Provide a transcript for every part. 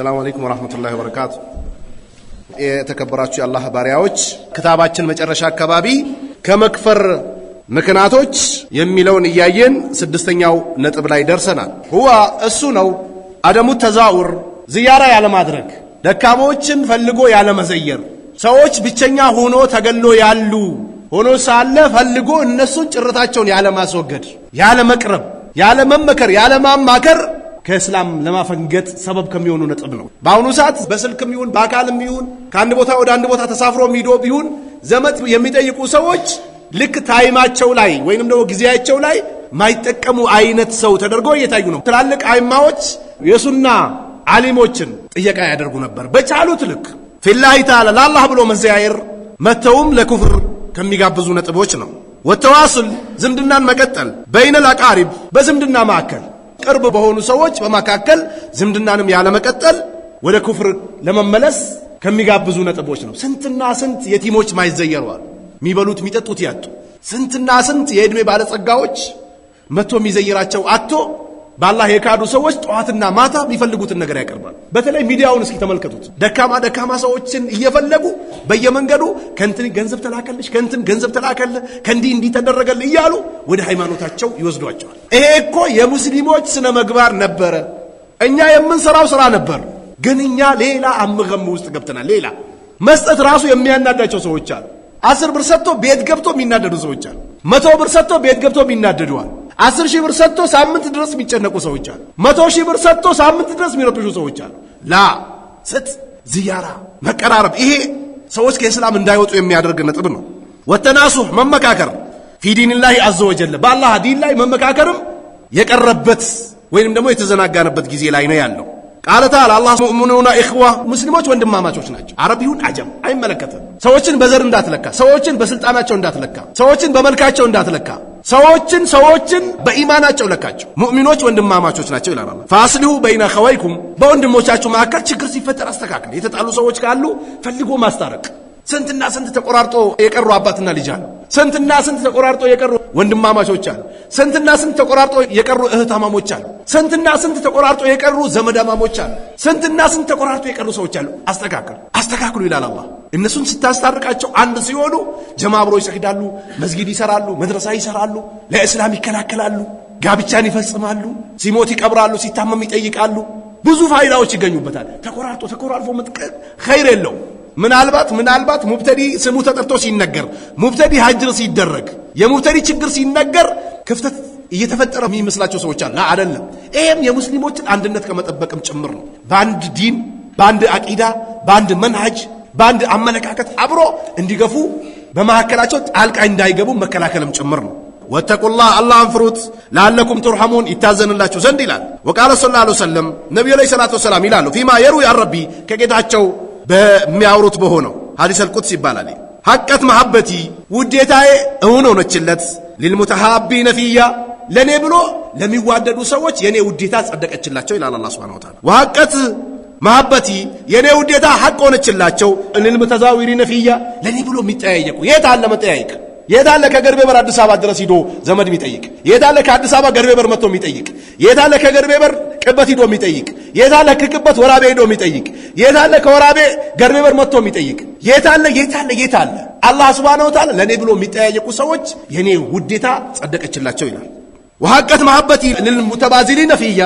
ሰላም አለይኩም ወራህመቱላሂ ወበረካቱ። የተከበራችሁ የአላህ ባሪያዎች ክታባችን መጨረሻ አካባቢ ከመክፈር ምክንያቶች የሚለውን እያየን ስድስተኛው ነጥብ ላይ ደርሰናል። ሁዋ እሱ ነው አደሙ ተዛውር ዝያራ ያለማድረግ፣ ደካሞችን ፈልጎ ያለመዘየር፣ ሰዎች ብቸኛ ሆኖ ተገሎ ያሉ ሆኖ ሳለ ፈልጎ እነሱን ጭርታቸውን ያለማስወገድ፣ ያለመቅረብ፣ ያለመመከር፣ ያለማማከር ከእስላም ለማፈንገጥ ሰበብ ከሚሆኑ ነጥብ ነው። በአሁኑ ሰዓት በስልክም ይሁን በአካልም ይሁን ከአንድ ቦታ ወደ አንድ ቦታ ተሳፍሮ ሚዶ ቢሆን ዘመድ የሚጠይቁ ሰዎች ልክ ታይማቸው ላይ ወይንም ደግሞ ጊዜያቸው ላይ ማይጠቀሙ አይነት ሰው ተደርጎ እየታዩ ነው። ትላልቅ አይማዎች የሱና አሊሞችን ጥየቃ ያደርጉ ነበር። በቻሉት ልክ ፊላሂ ተዓላ ለአላህ ብሎ መዘያየር መተውም ለኩፍር ከሚጋብዙ ነጥቦች ነው። ወተዋስል ዝምድናን መቀጠል በይነል አቃሪብ በዝምድና ማዕከል። ቅርብ በሆኑ ሰዎች በመካከል ዝምድናንም ያለመቀጠል ወደ ኩፍር ለመመለስ ከሚጋብዙ ነጥቦች ነው። ስንትና ስንት የቲሞች ማይዘየሯል የሚበሉት የሚጠጡት ያጡ፣ ስንትና ስንት የዕድሜ ባለጸጋዎች መጥቶ የሚዘይራቸው አቶ በአላህ የካዱ ሰዎች ጠዋትና ማታ የሚፈልጉትን ነገር ያቀርባል። በተለይ ሚዲያውን እስኪ ተመልከቱት። ደካማ ደካማ ሰዎችን እየፈለጉ በየመንገዱ ከንትን ገንዘብ ተላከልሽ፣ ከንትን ገንዘብ ተላከለ፣ ከእንዲህ እንዲህ ተደረገል እያሉ ወደ ሃይማኖታቸው ይወስዷቸዋል። ይሄ እኮ የሙስሊሞች ስነ መግባር ነበረ። እኛ የምንሰራው ስራ ነበር፣ ግን እኛ ሌላ አምገም ውስጥ ገብተናል። ሌላ መስጠት ራሱ የሚያናዳቸው ሰዎች አሉ። አስር ብር ሰጥቶ ቤት ገብቶ የሚናደዱ ሰዎች አሉ። መቶ ብር ሰጥቶ ቤት ገብቶ የሚናደዱዋል። አስር ሺህ ብር ሰጥቶ ሳምንት ድረስ የሚጨነቁ ሰዎች አሉ። መቶ ሺህ ብር ሰጥቶ ሳምንት ድረስ የሚረብሹ ሰዎች አሉ። ላ ስጥ፣ ዝያራ፣ መቀራረብ ይሄ ሰዎች ከእስላም እንዳይወጡ የሚያደርግ ነጥብ ነው። ወተናሱህ መመካከር ፊ ዲንላሂ አዘ ወጀለ በአላህ ዲን ላይ መመካከርም የቀረበት ወይንም ደግሞ የተዘናጋንበት ጊዜ ላይ ነው ያለው። ቃለ ተዓላ አላህ ሙእሚኑና ኢኽዋ ሙስሊሞች ወንድማማቾች ናቸው። አረብ ይሁን አጀም አይመለከትም። ሰዎችን በዘር እንዳትለካ፣ ሰዎችን በስልጣናቸው እንዳትለካ፣ ሰዎችን በመልካቸው እንዳትለካ፣ ሰዎችን ሰዎችን በኢማናቸው ለካቸው። ሙእሚኖች ወንድማማቾች ናቸው ይላል አላህ። ፋስሊሁ በይነ ኸዋይኩም በወንድሞቻችሁ መካከል ችግር ሲፈጠር አስተካክል። የተጣሉ ሰዎች ካሉ ፈልጎ ማስታረቅ። ስንትና ስንት ተቆራርጦ የቀሩ አባትና ልጅ አሉ። ስንትና ስንት ተቆራርጦ የቀሩ ወንድማማቾች አሉ። ስንትና ስንት ተቆራርጦ የቀሩ እህታማሞች አሉ። ስንትና ስንት ተቆራርጦ የቀሩ ዘመዳማሞች አሉ። ስንትና ስንት ተቆራርጦ የቀሩ ሰዎች አሉ። አስተካክሉ አስተካክሉ ይላል አላህ። እነሱን ስታስታርቃቸው አንድ ሲሆኑ ጀማ አብሮ ይሰግዳሉ፣ መስጊድ ይሰራሉ፣ መድረሳ ይሰራሉ፣ ለእስላም ይከላከላሉ፣ ጋብቻን ይፈጽማሉ፣ ሲሞት ይቀብራሉ፣ ሲታመም ይጠይቃሉ። ብዙ ፋይዳዎች ይገኙበታል። ተቆራርጦ ተቆራርፎ መጥቀም ኸይር የለውም። ምናልባት ምናልባት ሙብተዲ ስሙ ተጠርቶ ሲነገር ሙብተዲ ሀጅር ሲደረግ የሙብተዲ ችግር ሲነገር ክፍተት እየተፈጠረ የሚመስላቸው ሰዎች አለ። አይደለም። ይህም የሙስሊሞችን አንድነት ከመጠበቅም ጭምር ነው። በአንድ ዲን፣ በአንድ አቂዳ፣ በአንድ መንሃጅ፣ በአንድ አመለካከት አብሮ እንዲገፉ በመካከላቸው ጣልቃ እንዳይገቡ መከላከልም ጭምር ነው። ወተቁላህ አላህን ፍሩት፣ ለአለኩም ቱርሐሙን ይታዘንላችሁ ዘንድ ይላል። ወቃለ ሰለላሁ ዐለይሂ ወሰለም ነቢዩ ዐለይሂ ሰላቱ ወሰላም ይላሉ ፊማ የሩይ አረቢ ከጌታቸው በሚያወሩት በሆነው ሐዲስ አልቁድስ ይባላል። ሐቀት መሐበቲ ውዴታዬ እውን ሆነችለት ሊልሙተሃቢነ ፊያ ለእኔ ብሎ ለሚዋደዱ ሰዎች የእኔ ውዴታ ጸደቀችላቸው ይላል አላህ ሱብሓነሁ ወተዓላ። ወሐቀት መሐበቲ የእኔ ውዴታ ሐቅ ሆነችላቸው ሊልሙተዛዊሪነ ፊያ ለእኔ ብሎ የሚጠያየቁ የት አለ መጠያየቅ? የት አለ ከገርቤ በር አዲስ አበባ ድረስ ሂዶ ዘመድ የሚጠይቅ? የት አለ ከአዲስ አበባ ገርቤ በር መጥቶ የሚጠይቅ? የት አለ ከገርቤ በር ቅበት ሂዶ የሚጠይቅ የታለ? ከቅበት ወራቤ ሂዶ የሚጠይቅ የታለ? ከወራቤ ገርሜበር መጥቶ የሚጠይቅ የታለ? የታለ? የታለ? አላህ ሱብሓነሁ ወተዓላ ለእኔ ብሎ የሚጠያየቁ ሰዎች የእኔ ውዴታ ጸደቀችላቸው ይላል። ወሐቀት መሐበቲ ልልሙተባዚሊነ ፊያ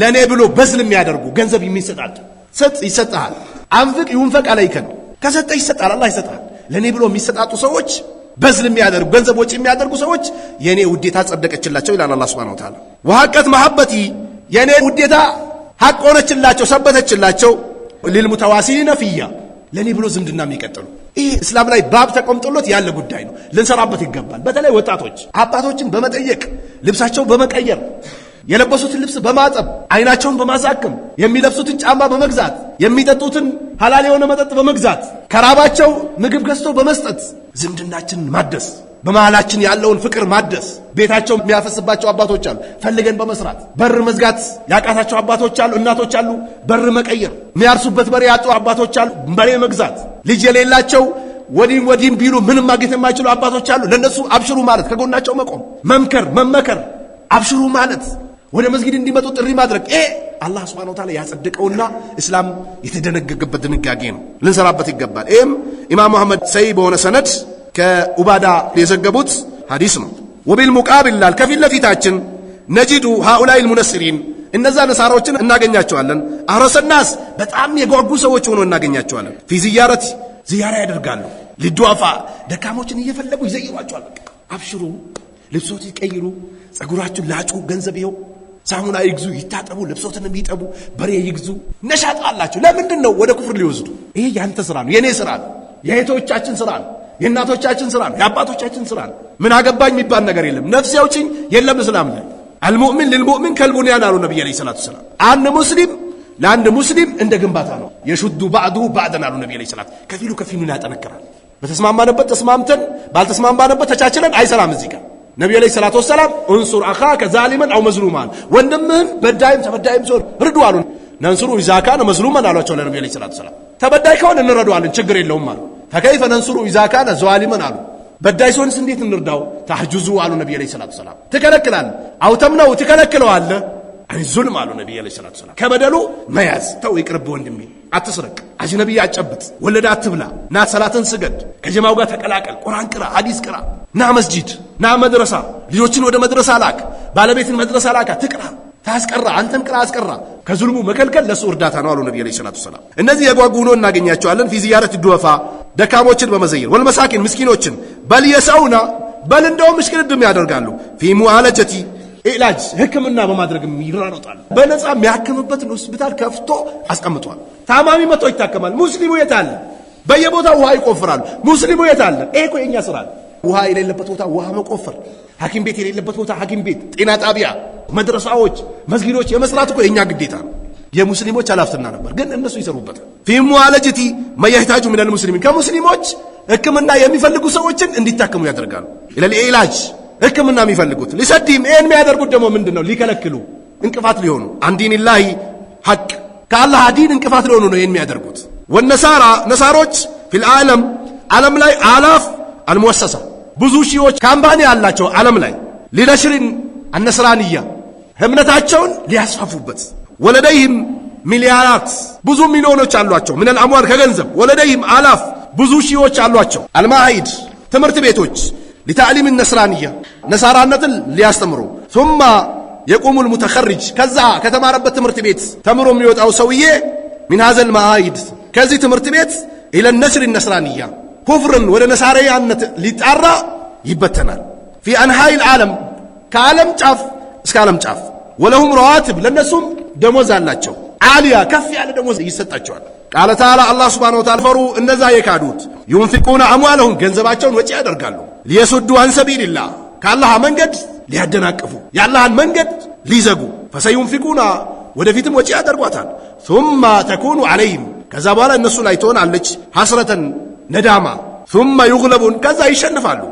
ለእኔ ብሎ በዝል የሚያደርጉ ገንዘብ የሚሰጣጡ ሰጥ ይሰጥሃል። አንፍቅ ይሁንፈቅ አለይከ ነው። ከሰጠ ይሰጣል፣ አላህ ይሰጣል። ለእኔ ብሎ የሚሰጣጡ ሰዎች በዝል የሚያደርጉ ገንዘብ ወጪ የሚያደርጉ ሰዎች የእኔ ውዴታ ጸደቀችላቸው ይላል አላህ ሱብሓነሁ ወተዓላ ወሐቀት መሐበቲ የእኔ ውዴታ ሀቅ ሆነችላቸው፣ ሰበተችላቸው። ሊልሙተዋሲሊነ ነፍያ ለእኔ ብሎ ዝምድና የሚቀጥሉ ይህ እስላም ላይ ባብ ተቆምጥሎት ያለ ጉዳይ ነው። ልንሰራበት ይገባል። በተለይ ወጣቶች አባቶችን በመጠየቅ ልብሳቸው በመቀየር የለበሱትን ልብስ በማጠብ አይናቸውን በማሳከም የሚለብሱትን ጫማ በመግዛት የሚጠጡትን ሐላል የሆነ መጠጥ በመግዛት ከራባቸው ምግብ ገዝቶ በመስጠት ዝምድናችንን ማደስ በመሃላችን ያለውን ፍቅር ማደስ ቤታቸው የሚያፈስባቸው አባቶች አሉ፣ ፈልገን በመስራት በር መዝጋት ያቃታቸው አባቶች አሉ፣ እናቶች አሉ፣ በር መቀየር የሚያርሱበት በሬ ያጡ አባቶች አሉ፣ በሬ መግዛት ልጅ የሌላቸው ወዲህም ወዲህም ቢሉ ምንም ማግኘት የማይችሉ አባቶች አሉ። ለእነሱ አብሽሩ ማለት ከጎናቸው መቆም፣ መምከር፣ መመከር፣ አብሽሩ ማለት ወደ መስጊድ እንዲመጡ ጥሪ ማድረግ ይ አላህ ሱብሓነሁ ወተዓላ ያጸደቀውና እስላም የተደነገገበት ድንጋጌ ነው። ልንሰራበት ይገባል። ይህም ኢማም መሐመድ ሰይ በሆነ ሰነድ ከኡባዳ የዘገቡት ሐዲስ ነው። ወቢል ሙቃብል ላል ከፊት ለፊታችን ነጂዱ ሃኡላይል ሙነሲሪን እነዛ ነሳራዎችን እናገኛቸዋለን። አህረሰናስ በጣም የጓጉ ሰዎች ሆኖ እናገኛቸዋለን። ፊ ዝያረት ዝያራ ያደርጋሉ። ልድዋፋ ደካሞችን እየፈለጉ ይዘይሯቸዋል። አብሽሩ፣ ልብሶት ይቀይሩ፣ ጸጉራችሁን ላጩ፣ ገንዘብ ይኸው፣ ሳሙና ይግዙ፣ ይታጠቡ፣ ልብሶትንም ይጠቡ፣ በሬ ይግዙ። ነሻጣ አላቸው። ለምንድን ነው ወደ ኩፍር ሊወስዱ? ይሄ ያንተ ስራ ነው፣ የእኔ ስራ ነው፣ የእህቶቻችን ስራ ነው። የእናቶቻችን ስራ ነው፣ የአባቶቻችን ስራ ነው። ምን አገባኝ የሚባል ነገር የለም። ነፍስ ያውጭኝ የለም። እስላም ላይ አልሙእሚን ልልሙእሚን ከልቡንያን አሉ ነቢይ ዐለይሂ ሰላቱ ሰላም። አንድ ሙስሊም ለአንድ ሙስሊም እንደ ግንባታ ነው። የሹዱ ባዕዱ ባዕደን አሉ ነቢ ዐለይሂ ሰላት። ከፊሉ ከፊሉን ያጠነክራል። በተስማማንበት ተስማምተን ባልተስማማንበት ተቻችለን አይሰራም። እዚህ ጋር ነቢ ዐለይሂ ሰላቱ ወሰላም እንሱር አኻ ከዛሊመን አው መዝሉማን፣ ወንድምህን በዳይም ተበዳይም ሲሆን ርዱ አሉ። ነንሱሩ ኢዛ ካነ መዝሉመን አሏቸው ለነቢ ዐለይሂ ሰላቱ ሰላም። ተበዳይ ከሆነ እንረዱዋለን ችግር የለውም አሉ ፈከይፈ ነንሱሩ ኢዛ ካነ ዘዋሊመን አሉ። በዳይ ሲሆንስ እንዴት እንርዳው? ታሕጁዙ አሉ ነቢ ለ ሰላት ሰላም። ትከለክላል አውተም ነው ትከለክለዋለ አይ ዙልም አሉ ነቢ ለ ሰላት ሰላም። ከበደሉ መያዝ ተው፣ ይቅርብ ወንድሜ፣ አትስረቅ፣ አጅነቢያ አጨብጥ፣ ወለዳ አትብላ፣ ና ሰላትን ስገድ፣ ከጀማው ጋር ተቀላቀል፣ ቁርአን ቅራ፣ ሐዲስ ቅራ፣ ና መስጂድ፣ ና መድረሳ፣ ልጆችን ወደ መድረሳ ላክ፣ ባለቤትን መድረሳ ላካ፣ ትቅራ ታስቀራ አንተም ቅራ አስቀራ። ከዙልሙ መከልከል ለሱ እርዳታ ነው አሉ ነቢ ዐለይሂ ሰላቱ ሰላም። እነዚህ የጓጉ ሆኖ እናገኛቸዋለን። ፊ ዚያረት ዱወፋ ደካሞችን በመዘየር ወልመሳኪን ምስኪኖችን በል የሰውና በል እንደውም እሽቅድድም ያደርጋሉ ፊ ሙዓለጀቲ ኢላጅ ህክምና በማድረግ ይራሮጣል። በነፃ የሚያክምበትን ሆስፒታል ከፍቶ አስቀምጧል። ታማሚ መጥቶ ይታከማል። ሙስሊሙ የት አለ? በየቦታ ውሃ ይቆፍራሉ። ሙስሊሙ የት አለ? ይሄ እኮ የኛ ስራ። ውሃ የሌለበት ቦታ ውሃ መቆፈር፣ ሐኪም ቤት የሌለበት ቦታ ሐኪም ቤት፣ ጤና ጣቢያ፣ መድረሳዎች፣ መስጊዶች የመስራት እኮ የእኛ ግዴታ ነው። የሙስሊሞች አላፍትና ነበር፣ ግን እነሱ ይሰሩበታል። ፊ ሙዓለጀቲ መየሕታጁ ሚነል ሙስሊሚን ከሙስሊሞች ሕክምና የሚፈልጉ ሰዎችን እንዲታከሙ ያደርጋሉ። ኢለል ኢላጅ የሚፈልጉት ሊሰዲም ይህን የሚያደርጉት ደግሞ ምንድን ነው? ሊከለክሉ እንቅፋት ሊሆኑ አንዲንላሂ ሐቅ ከአላህ ዲን እንቅፋት ሊሆኑ ነው ይህን የሚያደርጉት። ወነሳራ ነሳሮች ፊል ዓለም ላይ አላፍ አልሙወሰሳ ብዙ ሺዎች ካምፓኒ አላቸው ዓለም ላይ ሊነሽሪን አነስራንያ እምነታቸውን ሊያስፋፉበት ወለደይህም ሚሊያራት ብዙ ሚሊዮኖች አሏቸው። ምን አልአምዋል ከገንዘብ ወለደይህም አላፍ ብዙ ሺዎች አሏቸው። አልማዓይድ ትምህርት ቤቶች ሊታዕሊም ነስራንያ ነሳራነትን ሊያስተምሩ ثم يقوم المتخرج ከዛ ከተማረበት ትምህርት ቤት ተምሮ የሚወጣው ሰውዬ من هذا المعايد ከዚህ ትምህርት ቤት إلى النشر النصرانية ኩፍርን ወደ ነሳራያነት ሊጣራ ይበተናል። في أنحاء العالم ከዓለም ጫፍ እስከ ዓለም ጫፍ ولهم رواتب ለነሱም ደሞዝ አላቸው። አሊያ ከፍ ያለ ደሞዝ ይሰጣቸዋል። ቃለ ተዓላ አላህ ስብሓነ ወተዓላ ፈሩ እነዛ የካዱት ዩንፊቁነ አምዋለሁም ገንዘባቸውን ወጪ ያደርጋሉ ሊየሱዱ አን ሰቢልላህ ከአላህ መንገድ ሊያደናቅፉ የአላህን መንገድ ሊዘጉ ፈሰዩንፊቁና ወደፊትም ወጪ ያደርጓታል። ثم ተኩኑ አለይም ከዛ በኋላ እነሱ ላይ ትሆናለች ሐስረተን ነዳማ ثم ይغለቡን ከዛ ይሸንፋሉ።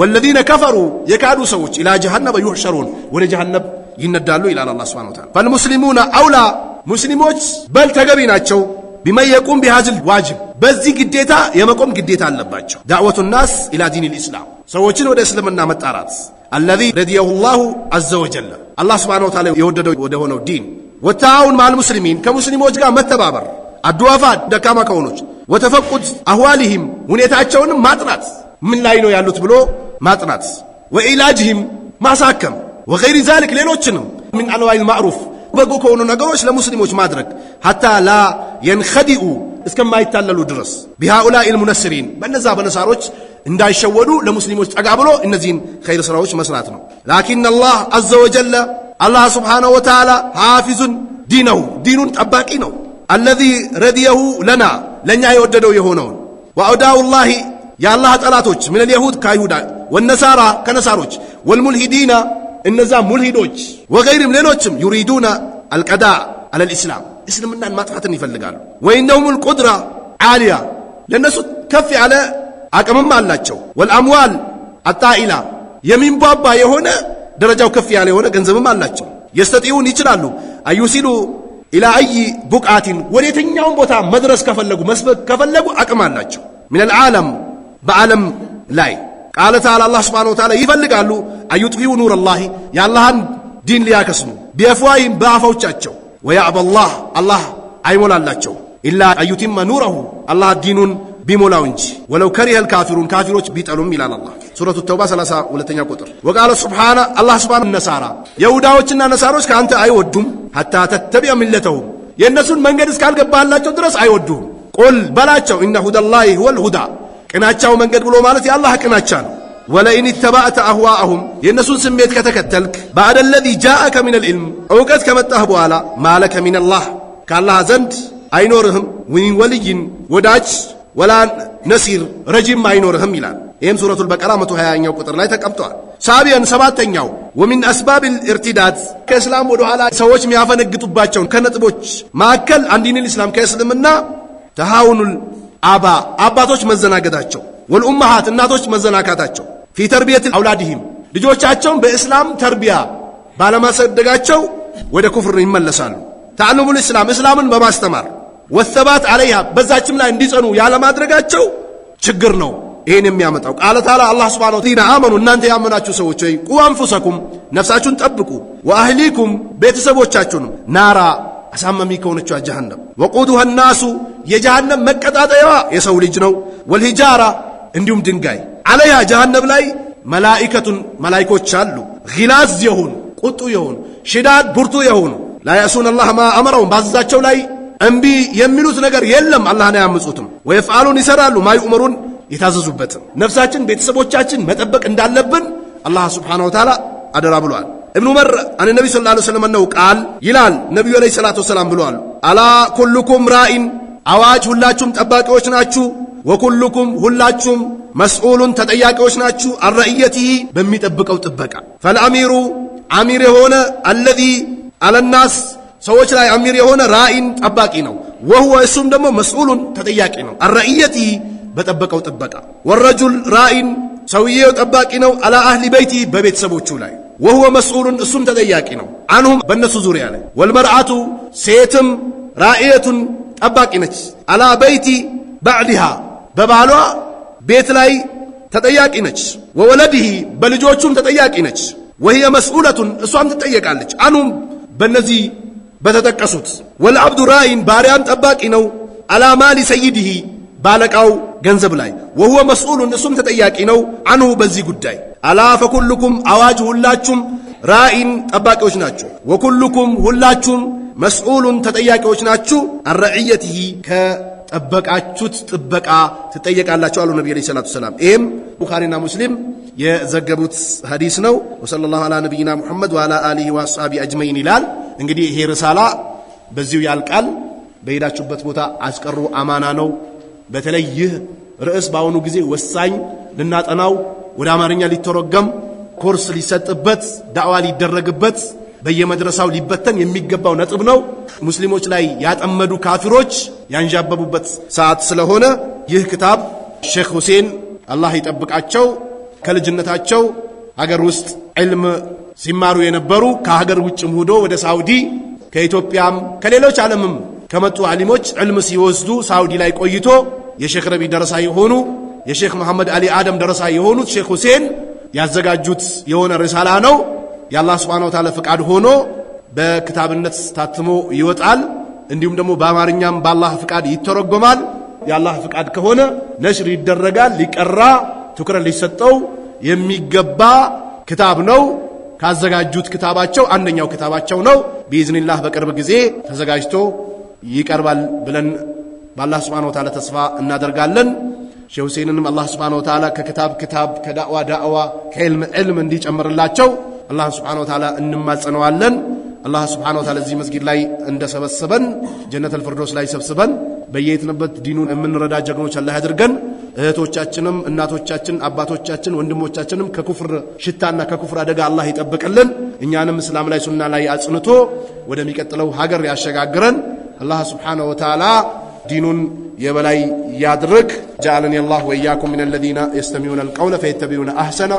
ወለዚነ ከፈሩ የካዱ ሰዎች ኢላ ጀሃነመ ዩሕሸሩን ወደ ጀሃነብ ይነዳሉ ይላል አላህ ሱብሓነሁ ወተዓላ። ፈልሙስሊሙና አውላ ሙስሊሞች በል ተገቢ ናቸው። ቢመየቁም ቢሃዝል ዋጅብ በዚህ ግዴታ የመቆም ግዴታ አለባቸው። ዳዕወቱ ናስ ኢላ ዲኒል ኢስላም ሰዎችን ወደ እስልምና መጣራት አለዚ ረዲየሁ ላሁ አዘ ወጀለ አላህ ሱብሓነሁ ወተዓላ የወደደው ወደ ሆነው ዲን ወተዓውን ማል ሙስሊሚን ከሙስሊሞች ጋር መተባበር አድዋፋ ደካማ ከሆኖች ወተፈቁድ አህዋሊሂም ሁኔታቸውንም ማጥናት ምን ላይ ነው ያሉት ብሎ ማጥናት ወኢላጅህም ማሳከም ወገይሪ ዛሊክ ሌሎችንም ሚን አንዋይል ማዕሩፍ በጎ ከሆኑ ነገሮች ለሙስሊሞች ማድረግ ሐታ ላ የንኸዲኡ እስከማይታለሉ ድረስ ቢሃኡላ ኢልሙነስሪን በእነዛ በነሳሮች እንዳይሸወዱ ለሙስሊሞች ጠጋ ብሎ እነዚህን ኸይር ሥራዎች መስራት ነው። ላኪን አላህ አዘ ወጀለ አላህ ስብሓነሁ ወተዓላ ሓፊዙን ዲነሁ ዲኑን ጠባቂ ነው። አለዚ ረድየሁ ለና ለእኛ የወደደው የሆነውን ወአውዳኡ ላሂ የአላህ ጠላቶች ምን ልየሁድ ከአይሁዳ ወነሳራ ከነሳሮች ወልሙልሂዲና እነዛ ሙልሂዶች ወገይርም ሌሎችም ዩሪዱና አልቀዳ አለል እስልምናን ማጥፋትን ይፈልጋሉ። ወይነውሙል ቁድራ ዓሊያ ለእነሱ ከፍ ያለ አቅምም አላቸው። ወልአምዋል አጣኢላ የሚንቧባ የሆነ ደረጃው ከፍ ያለ የሆነ ገንዘብም አላቸው። የስተጢውን ይችላሉ አዩሲሉ ኢላ አይ ቡቃቲን ወደ የትኛውን ቦታ መድረስ ከፈለጉ መስበክ ከፈለጉ አቅም አላቸው። ሚነል ዓለም በዓለም ላይ ቃለ ተዓላ አላህ ስብሓነሁ ወተዓላ ይፈልጋሉ አዩጥፊኡ ኑር የአላህን ዲን ሊያከስኑ ቢአፍዋሂም በአፎቻቸው ወያዕበላህ አላህ አይሞላላቸው ኢላ አዩቲመ ኑረሁ አላህ ዲኑን ቢሞላው እንጂ ወለው ከሪሀል ካፊሩን ካፊሮች ቢጠሉም ይላል አላህ ሱረቱ ተውባ 32ኛ ቁጥር ወቃለ ሱብሓነ አላህ ሱብሓነ ነሳራ የሁዳዎችና ነሳሮች ከአንተ አይወዱም ሐታ ተተቢዐ ሚለተሁም የእነሱን መንገድ እስካልገባህላቸው ድረስ አይወዱም ቁል በላቸው ኢነ ሁደላሂ ሁወል ሁዳ ቅናቻው መንገድ ብሎ ማለት የአላህ ቅናቻ ነው። ወለኢን ተባዕተ አህዋአሁም የእነሱን ስሜት ከተከተልክ ባዕደ ለዚ ጃአከ ሚን ልዕልም ዕውቀት ከመጣህ በኋላ ማለከ ሚንላህ ከአላህ ዘንድ አይኖርህም። ወይን ወልይን ወዳጅ ወላ ነሲር ረጂም አይኖርህም ይላል። ይህም ሱረቱል በቀራ 120ኛው ቁጥር ላይ ተቀምጠዋል። ሳቢያን ሰባተኛው ወሚን አስባብ ልእርቲዳት ከእስላም ወደ ኋላ ሰዎች የሚያፈነግጡባቸውን ከነጥቦች መካከል አንዲኒል ኢስላም ከእስልምና ተሃውኑል አባ አባቶች መዘናገታቸው፣ ወልኡማሃት እናቶች መዘናጋታቸው፣ ፊ ተርቢየት አውላድህም ልጆቻቸውን በእስላም ተርቢያ ባለማሰደጋቸው ወደ ኩፍር ይመለሳሉ። ተዕሊሙል እስላም እስላምን በማስተማር ወሰባት አለይሃ በዛችም ላይ እንዲጸኑ ያለማድረጋቸው ችግር ነው። ይህን የሚያመጣው ቃለ ተዓላ አላህ ሱብሓነሁ ወተዓላ አመኑ እናንተ ያመናችሁ ሰዎች ሆይ ቁ አንፉሰኩም ነፍሳችሁን ጠብቁ፣ ወአህሊኩም ቤተሰቦቻችሁንም ናራ አሳማሚ ከሆነችው ጀሃነም ወቁዱሃ ናሱ የጀሃነም መቀጣጠያዋ የሰው ልጅ ነው። ወልሂጃራ እንዲሁም ድንጋይ አለያ ጀሃነም ላይ መላኢከቱን መላኢኮች አሉ። ጊላዝ የሆኑ ቁጡ የሆኑ ሽዳድ ቡርቱ የሆኑ ላያሱን አላህ ማ አመረውን ባዘዛቸው ላይ እምቢ የሚሉት ነገር የለም። አላህን አያምፁትም። ወየፍአሉን ይሰራሉ። ማይኡመሩን የታዘዙበትም ነፍሳችን ቤተሰቦቻችን መጠበቅ እንዳለብን አላህ ስብሓነሁ ወተዓላ አደራ ብሏል። እብኑ ዑመር አን ነቢ ስለ ላ ስለም ነው ቃል ይላል ነቢዩ ዐለይሂ ሰላቱ ወሰላም ብለዋል። አላ ኩልኩም ራኢን አዋጅ ሁላችሁም ጠባቂዎች ናችሁ። ወኩልኩም ሁላችሁም መስዑሉን ተጠያቂዎች ናችሁ። አረእየትህ በሚጠብቀው ጥበቃ ፈልአሚሩ አሚር የሆነ አለዚ አለናስ ሰዎች ላይ አሚር የሆነ ራኢን ጠባቂ ነው። ወህወ እሱም ደግሞ መስዑሉን ተጠያቂ ነው። አረእየትህ በጠበቀው ጥበቃ ወረጁል ራኢን ሰውዬው ጠባቂ ነው። አላ አህሊ በይቲ በቤተሰቦቹ ላይ ወህወ መስዑሉን እሱም ተጠያቂ ነው። አንሁም በእነሱ ዙሪያ ላይ ወልመርአቱ ሴትም ራእየቱን ጠባቂ ነች። አላ በይቲ ባዕድሃ በባሏ ቤት ላይ ተጠያቂ ነች። ወወለድህ በልጆቹም ተጠያቂ ነች። ወህየ መስዑለቱን እሷም ትጠየቃለች። አንሁም በእነዚህ በተጠቀሱት ወልአብዱ ራእይን ባሪያም ጠባቂ ነው። አላ ማሊ ሰይድህ ባለቃው ገንዘብ ላይ ወህወ መስዑሉን እሱም ተጠያቂ ነው። አንሁ በዚህ ጉዳይ አላ ፈኩልኩም አዋጅ ሁላችሁም ራኢን ጠባቂዎች ናችሁ። ወኩልኩም ሁላችሁም መስዑሉን ተጠያቂዎች ናችሁ። አረዕየትህ ከጠበቃችሁት ጥበቃ ትጠየቃላችሁ አሉ ነቢ ዐለይሂ ሰላቱ ሰላም። ይህም ቡኻሪና ሙስሊም የዘገቡት ሐዲስ ነው። ወሰለላሁ ዐላ ነቢይና ሙሐመድ ወዐላ አሊሂ ወአስሓቢ አጅመይን ይላል። እንግዲህ ይሄ ርሳላ በዚሁ ያልቃል። በሄዳችሁበት ቦታ አስቀሩ፣ አማና ነው። በተለይ ይህ ርዕስ በአሁኑ ጊዜ ወሳኝ ልናጠናው ወደ አማርኛ ሊተረጎም ኮርስ ሊሰጥበት ዳዕዋ ሊደረግበት በየመድረሳው ሊበተን የሚገባው ነጥብ ነው። ሙስሊሞች ላይ ያጠመዱ ካፊሮች ያንዣበቡበት ሰዓት ስለሆነ ይህ ክታብ ሼክ ሁሴን አላህ ይጠብቃቸው ከልጅነታቸው ሀገር ውስጥ ዕልም ሲማሩ የነበሩ ከሀገር ውጭም ሂዶ ወደ ሳውዲ ከኢትዮጵያም ከሌሎች ዓለምም ከመጡ ዓሊሞች ዕልም ሲወስዱ ሳውዲ ላይ ቆይቶ የሼክ ረቢ ደረሳ የሆኑ የሼክ መሐመድ አሊ አደም ደረሳ የሆኑት ሼክ ሁሴን ያዘጋጁት የሆነ ሪሳላ ነው። የአላህ ሱብሓነሁ ወተዓላ ፈቃድ ሆኖ በክታብነት ታትሞ ይወጣል። እንዲሁም ደግሞ በአማርኛም በአላህ ፍቃድ ይተረጎማል። የአላህ ፍቃድ ከሆነ ነሽር ይደረጋል። ሊቀራ ትኩረት ሊሰጠው የሚገባ ክታብ ነው። ካዘጋጁት ክታባቸው አንደኛው ክታባቸው ነው። ቢኢዝኒላህ በቅርብ ጊዜ ተዘጋጅቶ ይቀርባል ብለን በአላህ ሱብሓነሁ ወተዓላ ተስፋ እናደርጋለን። ሼህ ሁሴንንም አላህ ስብሓነ ወተዓላ ከክታብ ክታብ ከዳዕዋ ዳዕዋ ከዕልም ዕልም እንዲጨምርላቸው አላህ ስብሓነ ወተዓላ እንማጸነዋለን። አላህ ስብሓነ ወተዓላ እዚህ መስጊድ ላይ እንደሰበሰበን ጀነት አልፍርዶስ ላይ ሰብስበን በየትንበት ዲኑን የምንረዳ ጀግኖች አላህ ያድርገን። እህቶቻችንም እናቶቻችን፣ አባቶቻችን፣ ወንድሞቻችንም ከኩፍር ሽታና ከኩፍር አደጋ አላህ ይጠብቅልን። እኛንም እስላም ላይ ሱና ላይ አጽንቶ ወደሚቀጥለው ሀገር ያሸጋግረን። አላህ ስብሓነ ወተዓላ ዲኑን የበላይ ያድርግ። ጀዐለኒ አላህ ወኢያኩም ሚነ ለዚነ የስተሚዑነ አልቀውለ ፈየተቢዑነ አሕሰና